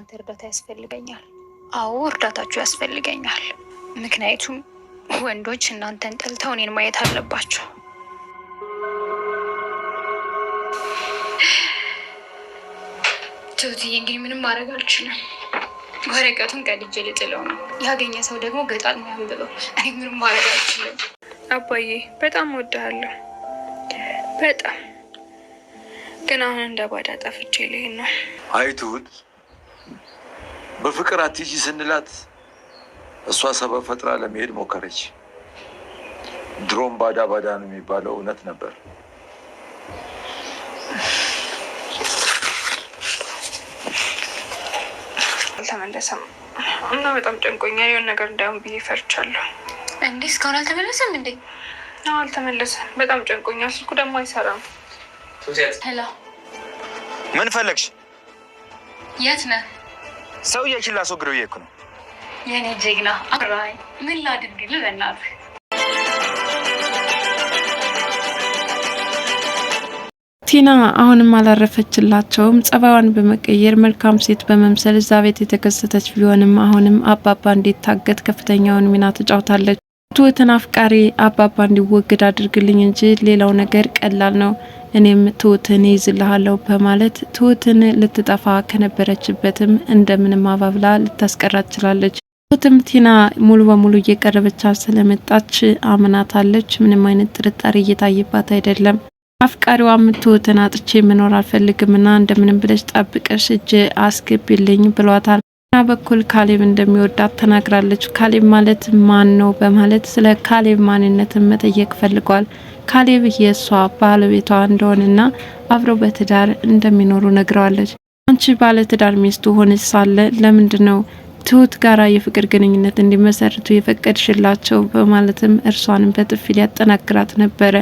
የእናንተ እርዳታ ያስፈልገኛል። አዎ እርዳታችሁ ያስፈልገኛል። ምክንያቱም ወንዶች እናንተን ጠልተው እኔን ማየት አለባቸው። ትሁትዬ እንግዲህ ምንም ማድረግ አልችልም። ወረቀቱን ቀድጄ ልጥለው ነው። ያገኘ ሰው ደግሞ ገጣጥሞ ያንብበው። እኔ ምንም ማድረግ አልችልም። አባዬ በጣም እወድሃለሁ። በጣም ግን አሁን እንደ ባዳ ጠፍቼ ልሄድ ነው። አይ ትሁት በፍቅር አትሂጂ ስንላት እሷ ሰበብ ፈጥራ ለመሄድ ሞከረች። ድሮም ባዳ ባዳ ነው የሚባለው እውነት ነበር። አልተመለሰም እና በጣም ጨንቆኛ የሆነ ነገር እንዳይሆን ብዬ ፈርቻለሁ። እንዴ እስካሁን አልተመለሰም እንዴ? አዎ አልተመለሰም። በጣም ጨንቆኛ። ስልኩ ደግሞ አይሰራም። ምን ፈለግሽ? የት ነህ? ሰውዬሽን ላስወግደው እየሄድኩ ነው። የኔ ጀግና አራይ ምን ላድርግልህ? በእናትህ ቲና አሁንም አላረፈችላቸውም። ጸባዋን በመቀየር መልካም ሴት በመምሰል እዛ ቤት የተከሰተች ቢሆንም አሁንም አባባ እንዲታገት ከፍተኛውን ሚና ተጫውታለች። ትሁትን አፍቃሪ አባባ እንዲወገድ አድርግልኝ እንጂ ሌላው ነገር ቀላል ነው እኔም ትሁትን ይዝልሃለሁ በማለት ትሁትን ልትጠፋ ከነበረችበትም እንደምንም አባብላ ልታስቀራ ትችላለች። ትሁትም ቲና ሙሉ በሙሉ እየቀረበቻ ስለመጣች አምናታለች። ምንም አይነት ጥርጣሬ እየታየባት አይደለም። አፍቃሪዋም ትሁትን አጥቼ መኖር አልፈልግምና እንደምንም ብለሽ ጠብቀሽ እጅ አስገቢልኝ ብሏታል። ና በኩል ካሌብ እንደሚወዳት ተናግራለች። ካሌብ ማለት ማን ነው በማለት ስለ ካሌብ ማንነትን መጠየቅ ፈልጓል። ካሌብ የእሷ ባለቤቷ እንደሆነና አብረው በትዳር እንደሚኖሩ ነግረዋለች። አንቺ ባለትዳር ሚስቱ ሆነች ሳለ ለምንድ ነው ትሁት ጋራ የፍቅር ግንኙነት እንዲመሰርቱ የፈቀድሽላቸው? በማለትም እርሷንም በጥፊ ሊያጠናግራት ነበረ።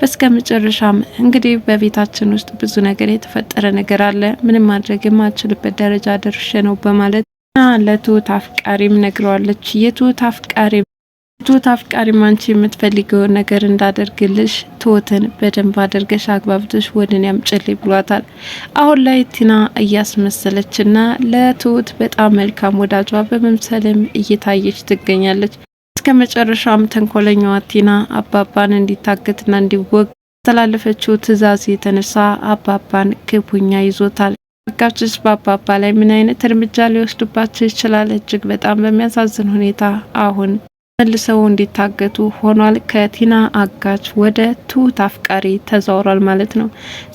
በስከ መጨረሻም እንግዲህ በቤታችን ውስጥ ብዙ ነገር የተፈጠረ ነገር አለ፣ ምንም ማድረግ የማችልበት ደረጃ ደርሼ ነው በማለት ና ለትሁት አፍቃሪም ነግረዋለች። የትሁት አፍቃሪም ቱ አፍቃሪም አንቺ የምትፈልገውን ነገር እንዳደርግልሽ ትወትን በደንብ አድርገሽ አግባብቶች ወደኔ ያምጭልኝ ብሏታል። አሁን ላይ ቲና እያስመሰለችና ለትሁት በጣም መልካም ወዳጇ በመምሰልም እየታየች ትገኛለች። እስከ መጨረሻም ተንኮለኛዋ ቲና አባባን እንዲታገትና እንዲወግ ያስተላለፈችው ትዕዛዝ የተነሳ አባባን ክቡኛ ይዞታል። አጋችስ በአባባ ላይ ምን አይነት እርምጃ ሊወስዱባቸው ይችላል? እጅግ በጣም በሚያሳዝን ሁኔታ አሁን መልሰው እንዲታገቱ ሆኗል። ከቲና አጋች ወደ ትሁት አፍቃሪ ተዛውሯል ማለት ነው።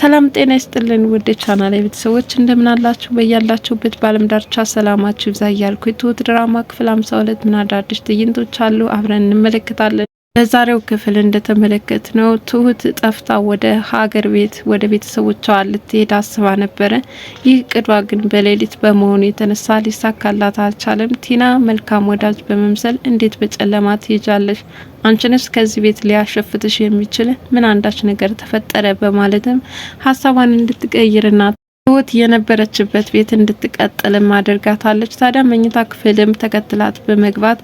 ሰላም ጤና ይስጥልን ውድ ቻናል ቤተሰቦች እንደምናላችሁ በያላችሁበት በዓለም ዳርቻ ሰላማችሁ ይብዛ እያልኩ የትሁት ድራማ ክፍል ሁለት ምን አዳዲስ ትዕይንቶች አሉ አብረን እንመለከታለን። በዛሬው ክፍል እንደተመለከት ነው ትሁት ጠፍታ ወደ ሀገር ቤት ወደ ቤተሰቦቿ ልትሄድ አስባ ነበረ። ይህ ቅዷ ግን በሌሊት በመሆኑ የተነሳ ሊሳካላት አልቻለም። ቲና መልካም ወዳጅ በመምሰል እንዴት በጨለማ ትሄጃለሽ? አንችንስ ከዚህ ቤት ሊያሸፍትሽ የሚችል ምን አንዳች ነገር ተፈጠረ? በማለትም ሀሳቧን እንድትቀይርና ህይወት የነበረችበት ቤት እንድትቀጥልም አድርጋታለች። ታዲያ መኝታ ክፍልም ተከትላት በመግባት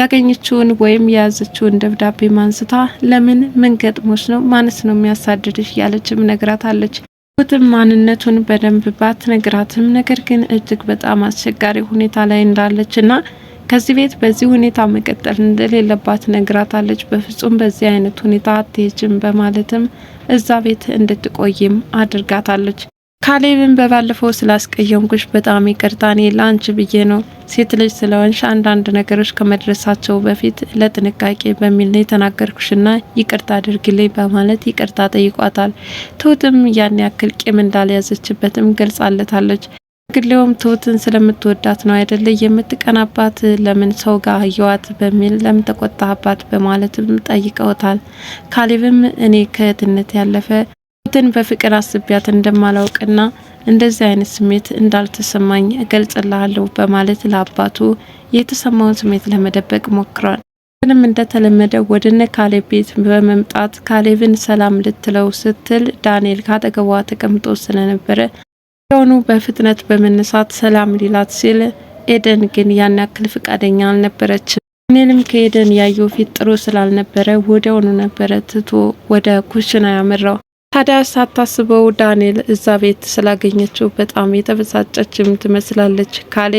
ያገኘችውን ወይም የያዘችውን ደብዳቤ ማንስታ ለምን ምን ገጥሞች ነው ማንስ ነው የሚያሳድድሽ እያለችም ነግራታለች። ህይወትም ማንነቱን በደንብ ባትነግራትም ነገር ግን እጅግ በጣም አስቸጋሪ ሁኔታ ላይ እንዳለች እና ከዚህ ቤት በዚህ ሁኔታ መቀጠል እንደሌለባት ነግራታለች። በፍጹም በዚህ አይነት ሁኔታ አትሄጅም በማለትም እዛ ቤት እንድትቆይም አድርጋታለች። ካሌብን በባለፈው ስላስቀየምኩሽ በጣም ይቅርታ፣ እኔ ለአንቺ ብዬ ነው። ሴት ልጅ ስለሆንሽ አንዳንድ ነገሮች ከመድረሳቸው በፊት ለጥንቃቄ በሚል ነው የተናገርኩሽና ይቅርታ አድርግልኝ በማለት ይቅርታ ጠይቋታል። ትሁትም ያን ያክል ቂም እንዳልያዘችበትም ገልጻለታለች። ግሌውም ትሁትን ስለምትወዳት ነው አይደለ የምትቀናባት፣ ለምን ሰው ጋር ህየዋት በሚል ለምን ተቆጣባት በማለትም ጠይቀውታል። ካሌብም እኔ ከእህትነት ያለፈ ትን በፍቅር አስቢያት እንደማላውቅና እንደዚህ አይነት ስሜት እንዳልተሰማኝ እገልጽልሃለሁ በማለት ለአባቱ የተሰማውን ስሜት ለመደበቅ ሞክሯል። ምንም እንደተለመደው ወደነ እነ ካሌብ ቤት በመምጣት ካሌብን ሰላም ልትለው ስትል ዳንኤል ካጠገቧ ተቀምጦ ስለነበረ ሲሆኑ በፍጥነት በመነሳት ሰላም ሊላት ሲል ኤደን ግን ያን ያክል ፍቃደኛ አልነበረችም። ዳንኤልም ከኤደን ያየው ፊት ጥሩ ስላልነበረ ወዲያውኑ ነበረ ትቶ ወደ ኩሽና ያመራው። ታዲያ ሳታስበው ዳንኤል እዛ ቤት ስላገኘችው በጣም የተበሳጨችም ትመስላለች። ካሌ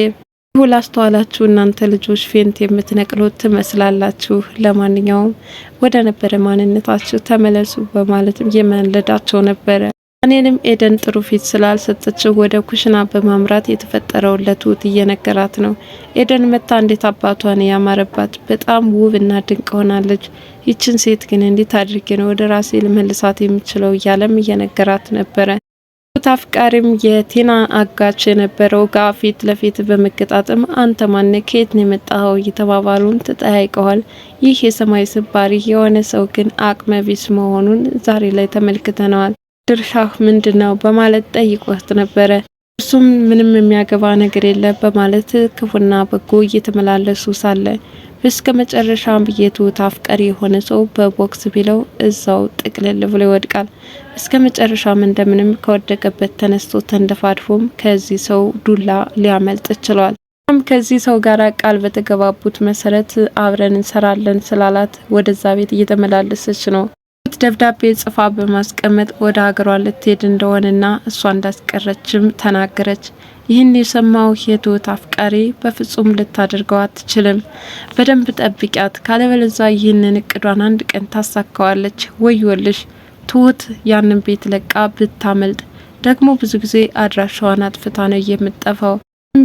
ይሁ ላስተዋላችሁ እናንተ ልጆች ፌንት የምትነቅሉት ትመስላላችሁ። ለማንኛውም ወደ ነበረ ማንነታችሁ ተመለሱ በማለትም የመለዳቸው ነበረ። እኔንም ኤደን ጥሩ ፊት ስላልሰጠችው ወደ ኩሽና በማምራት የተፈጠረውን ለትሁት እየነገራት ነው። ኤደን መታ እንዴት አባቷን ያማረባት በጣም ውብ እና ድንቅ ሆናለች። ይችን ሴት ግን እንዴት አድርጌ ነው ወደ ራሴ ልመልሳት የምችለው እያለም እየነገራት ነበረ። ትሁት አፍቃሪም የቴና አጋች የነበረው ጋፊት ፊት ለፊት በመገጣጠም አንተ ማነ ከየት ነው የመጣኸው እየተባባሉን ተጠያይቀዋል። ይህ የሰማይ ስባሪ የሆነ ሰው ግን አቅመ ቢስ መሆኑን ዛሬ ላይ ተመልክተነዋል። ድርሻህ ምንድን ነው በማለት ጠይቆት ነበረ። እሱም ምንም የሚያገባ ነገር የለ በማለት ክፉና በጎ እየተመላለሱ ሳለ እስከ መጨረሻም ብየቱ አፍቀሪ የሆነ ሰው በቦክስ ቢለው እዛው ጥቅልል ብሎ ይወድቃል። እስከ መጨረሻም እንደምንም ከወደቀበት ተነስቶ ተንደፋድፎም ከዚህ ሰው ዱላ ሊያመልጥ ችሏል። ከዚህ ሰው ጋር ቃል በተገባቡት መሰረት አብረን እንሰራለን ስላላት ወደዛ ቤት እየተመላለሰች ነው። ደብዳቤ ጽፋ በማስቀመጥ ወደ ሀገሯ ልትሄድ እንደሆነና እሷ እንዳስቀረችም ተናገረች። ይህን የሰማው የትሁት አፍቃሪ በፍጹም ልታደርገው አትችልም፣ በደንብ ጠብቂያት፣ ካለበለዛ ይህንን እቅዷን አንድ ቀን ታሳካዋለች። ወዮልሽ! ትሁት ያንን ቤት ለቃ ብታመልጥ ደግሞ ብዙ ጊዜ አድራሻዋን አጥፍታ ነው የምጠፋው።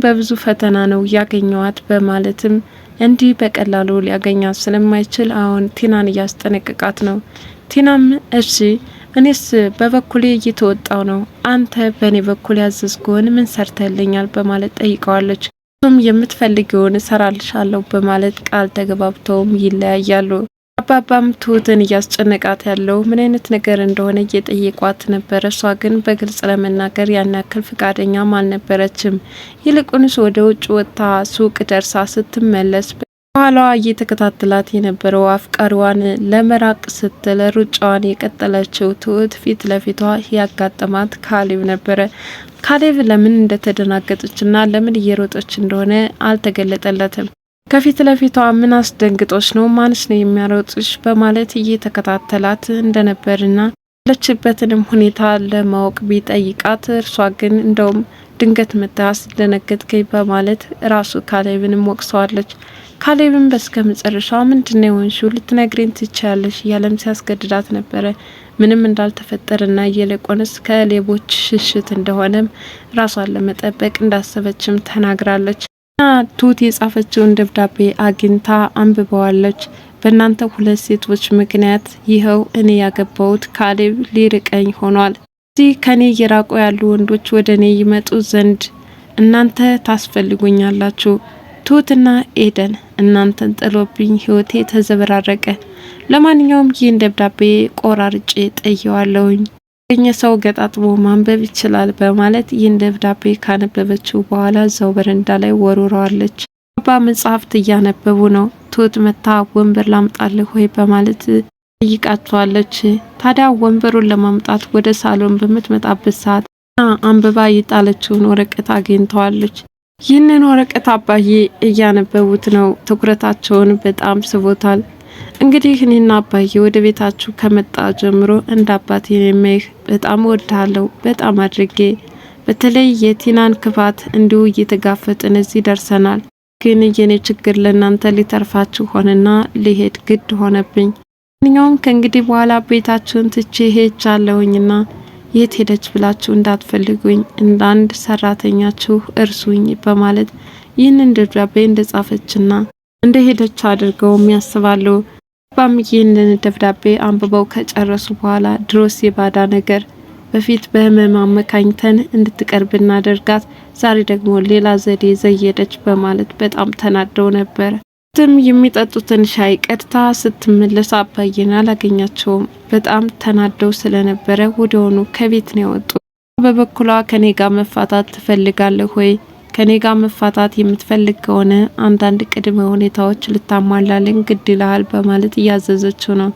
በብዙ ፈተና ነው ያገኘዋት በማለትም እንዲህ በቀላሉ ሊያገኛት ስለማይችል አሁን ቲናን እያስጠነቅቃት ነው። ቲናም እሺ እኔስ በበኩሌ እየተወጣው ነው፣ አንተ በእኔ በኩል ያዘዝኩህን ምን ሰርተልኛል በማለት ጠይቀዋለች። እሱም የምትፈልጊውን እሰራልሻለሁ በማለት ቃል ተገባብተውም ይለያያሉ። አባባም ትሁትን እያስጨነቃት ያለው ምን አይነት ነገር እንደሆነ እየጠየቋት ነበረ። እሷ ግን በግልጽ ለመናገር ያን ያክል ፍቃደኛም አልነበረችም። ይልቁንስ ወደ ውጭ ወጥታ ሱቅ ደርሳ ስትመለስ ኋላዋ እየተከታተላት የነበረው አፍቃሪዋን ለመራቅ ስትል ሩጫዋን የቀጠለችው ትሁት ፊት ለፊቷ ያጋጠማት ካሌብ ነበረ። ካሌብ ለምን እንደተደናገጠችና ለምን እየሮጠች እንደሆነ አልተገለጠለትም። ከፊት ለፊቷ ምን አስደንግጦች ነው? ማንስ ነው የሚያሮጥሽ? በማለት እየተከታተላት እንደነበርና ያለችበትንም ሁኔታ ለማወቅ ቢጠይቃት እርሷ ግን እንደውም ድንገት መጥተህ አስደነገጥከኝ በማለት ራሱ ካሌብንም ወቅሰዋለች። ካሌብን በስከ መጨረሻ ምንድነው የሆንሽው? ልትነግሬን ትቻለሽ እያለም ሲያስገድዳት ነበረ። ምንም እንዳልተፈጠረና እየለቆንስ ከሌቦች ሽሽት እንደሆነም ራሷን ለመጠበቅ እንዳሰበችም ተናግራለች። ና ቱት የጻፈችውን ደብዳቤ አግኝታ አንብበዋለች። በእናንተ ሁለት ሴቶች ምክንያት ይኸው እኔ ያገባሁት ካሌብ ሊርቀኝ ሆኗል። እዚህ ከኔ እየራቁ ያሉ ወንዶች ወደ እኔ ይመጡ ዘንድ እናንተ ታስፈልጉኛላችሁ። ትሁትና ኤደን እናንተን ጥሎብኝ ህይወቴ ተዘበራረቀ። ለማንኛውም ይህን ደብዳቤ ቆራርጬ ጠየዋለውኝ ገኘ ሰው ገጣጥሞ ማንበብ ይችላል በማለት ይህን ደብዳቤ ካነበበችው በኋላ እዛው በረንዳ ላይ ወርውረዋለች። አባ መጽሐፍት እያነበቡ ነው። ትሁት መታ ወንበር ላምጣልህ ወይ በማለት ጠይቃቸዋለች። ታዲያ ወንበሩን ለማምጣት ወደ ሳሎን በምትመጣበት ሰዓት እና አንብባ የጣለችውን ወረቀት አግኝተዋለች። ይህንን ወረቀት አባዬ እያነበቡት ነው። ትኩረታቸውን በጣም ስቦታል። እንግዲህ እኔና አባዬ ወደ ቤታችሁ ከመጣ ጀምሮ እንደ አባቴ የማይህ በጣም እወድሃለሁ፣ በጣም አድርጌ በተለይ የቲናን ክፋት እንዲሁ እየተጋፈጥን እዚህ ደርሰናል። ግን የኔ ችግር ለእናንተ ሊተርፋችሁ ሆነና ሊሄድ ግድ ሆነብኝ። ማንኛውም ከእንግዲህ በኋላ ቤታችሁን ትቼ ሄጃለሁኝና የት ሄደች ብላችሁ እንዳትፈልጉኝ እንደ አንድ ሰራተኛችሁ እርሱኝ በማለት ይህንን ደብዳቤ እንደጻፈችና እንደ ሄደች አድርገውም ያስባሉ። ባም ይህንን ደብዳቤ አንብበው ከጨረሱ በኋላ ድሮስ የባዳ ነገር በፊት በህመም አመካኝተን እንድትቀርብ እናደርጋት፣ ዛሬ ደግሞ ሌላ ዘዴ ዘየደች በማለት በጣም ተናደው ነበር። ትም የሚጠጡትን ሻይ ቀድታ ስትመለስ አባዬን አላገኛቸውም። በጣም ተናደው ስለነበረ ወደሆኑ ከቤት ነው የወጡ። በበኩሏ ከኔ ጋር መፋታት ትፈልጋለህ ወይ? ከኔ ጋር መፋታት የምትፈልግ ከሆነ አንዳንድ ቅድመ ሁኔታዎች ልታሟላልን ግድ ይልሃል በማለት እያዘዘችው ነው።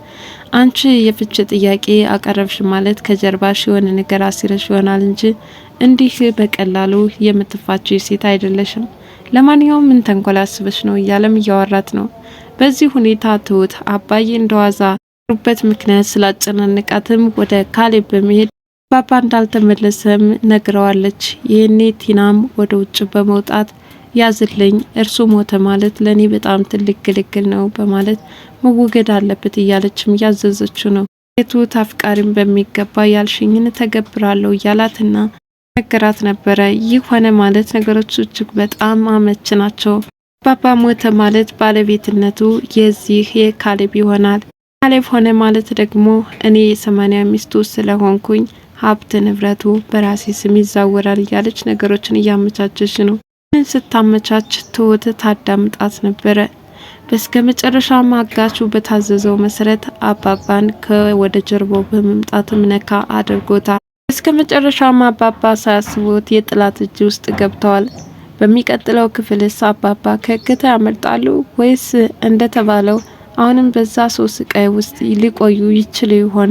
አንቺ የፍች ጥያቄ አቀረብሽ ማለት ከጀርባሽ የሆነ ነገር አሲረሽ ይሆናል እንጂ እንዲህ በቀላሉ የምትፋች ሴት አይደለሽም። ለማንኛውም ምን ተንኮል አስበሽ ነው እያለም እያወራት ነው። በዚህ ሁኔታ ትሁት አባዬ እንደዋዛ ሩበት ምክንያት ስላጨናነቃትም ወደ ካሌብ በመሄድ አባባ እንዳልተመለሰም ነግረዋለች። ይህኔ ቲናም ወደ ውጭ በመውጣት ያዝልኝ እርሱ ሞተ ማለት ለኔ በጣም ትልቅ ግልግል ነው በማለት መወገድ አለበት እያለችም እያዘዘችው ነው። የትሁት አፍቃሪም በሚገባ ያልሽኝን ተገብራለሁ እያላትና ነገራት ነበረ። ይህ ሆነ ማለት ነገሮች እጅግ በጣም አመች ናቸው። አባባ ሞተ ማለት ባለቤትነቱ የዚህ የካሌብ ይሆናል። ካሌብ ሆነ ማለት ደግሞ እኔ የሰማንያ ሚስቱ ስለሆንኩኝ ሀብት ንብረቱ በራሴ ስም ይዛወራል እያለች ነገሮችን እያመቻቸች ነው። ምን ስታመቻች ትሁት ታዳምጣት ነበረ። በስከ መጨረሻ ማጋቹ በታዘዘው መሰረት አባባን ከወደ ጀርባው በመምጣት ምነካ አድርጎታል። እስከ መጨረሻም አባባ ሳያስቡት የጥላት እጅ ውስጥ ገብተዋል። በሚቀጥለው ክፍልስ አባባ ከእገታ ያመልጣሉ ወይስ እንደተባለው አሁንም በዛ ሶስት ስቃይ ውስጥ ሊቆዩ ይችሉ ይሆን?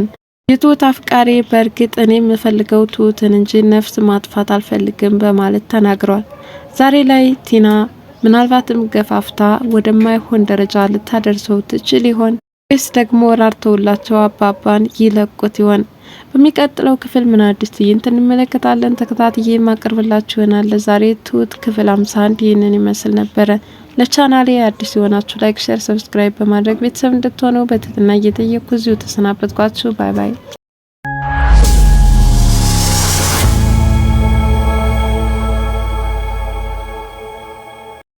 የትሁት አፍቃሪ በእርግጥ እኔ የምፈልገው ትሁትን እንጂ ነፍስ ማጥፋት አልፈልግም በማለት ተናግሯል። ዛሬ ላይ ቲና ምናልባትም ገፋፍታ ወደማይሆን ደረጃ ልታደርሰው ትችል ይሆን? ወይስ ደግሞ ራርተውላቸው አባባን ይለቁት ይሆን? በሚቀጥለው ክፍል ምን አዲስ ትዕይንት እንመለከታለን? ተከታትዬ ማቀርብላችሁ ይሆናል። ለዛሬ ትሁት ክፍል 51 ይህንን ይመስል ነበረ። ለቻናሌ አዲስ የሆናችሁ ላይክ፣ ሼር፣ ሰብስክራይብ በማድረግ ቤተሰብ እንድትሆኑ በትህትና እየጠየቅኩ እዚሁ ተሰናበትኳችሁ። ባይ ባይ።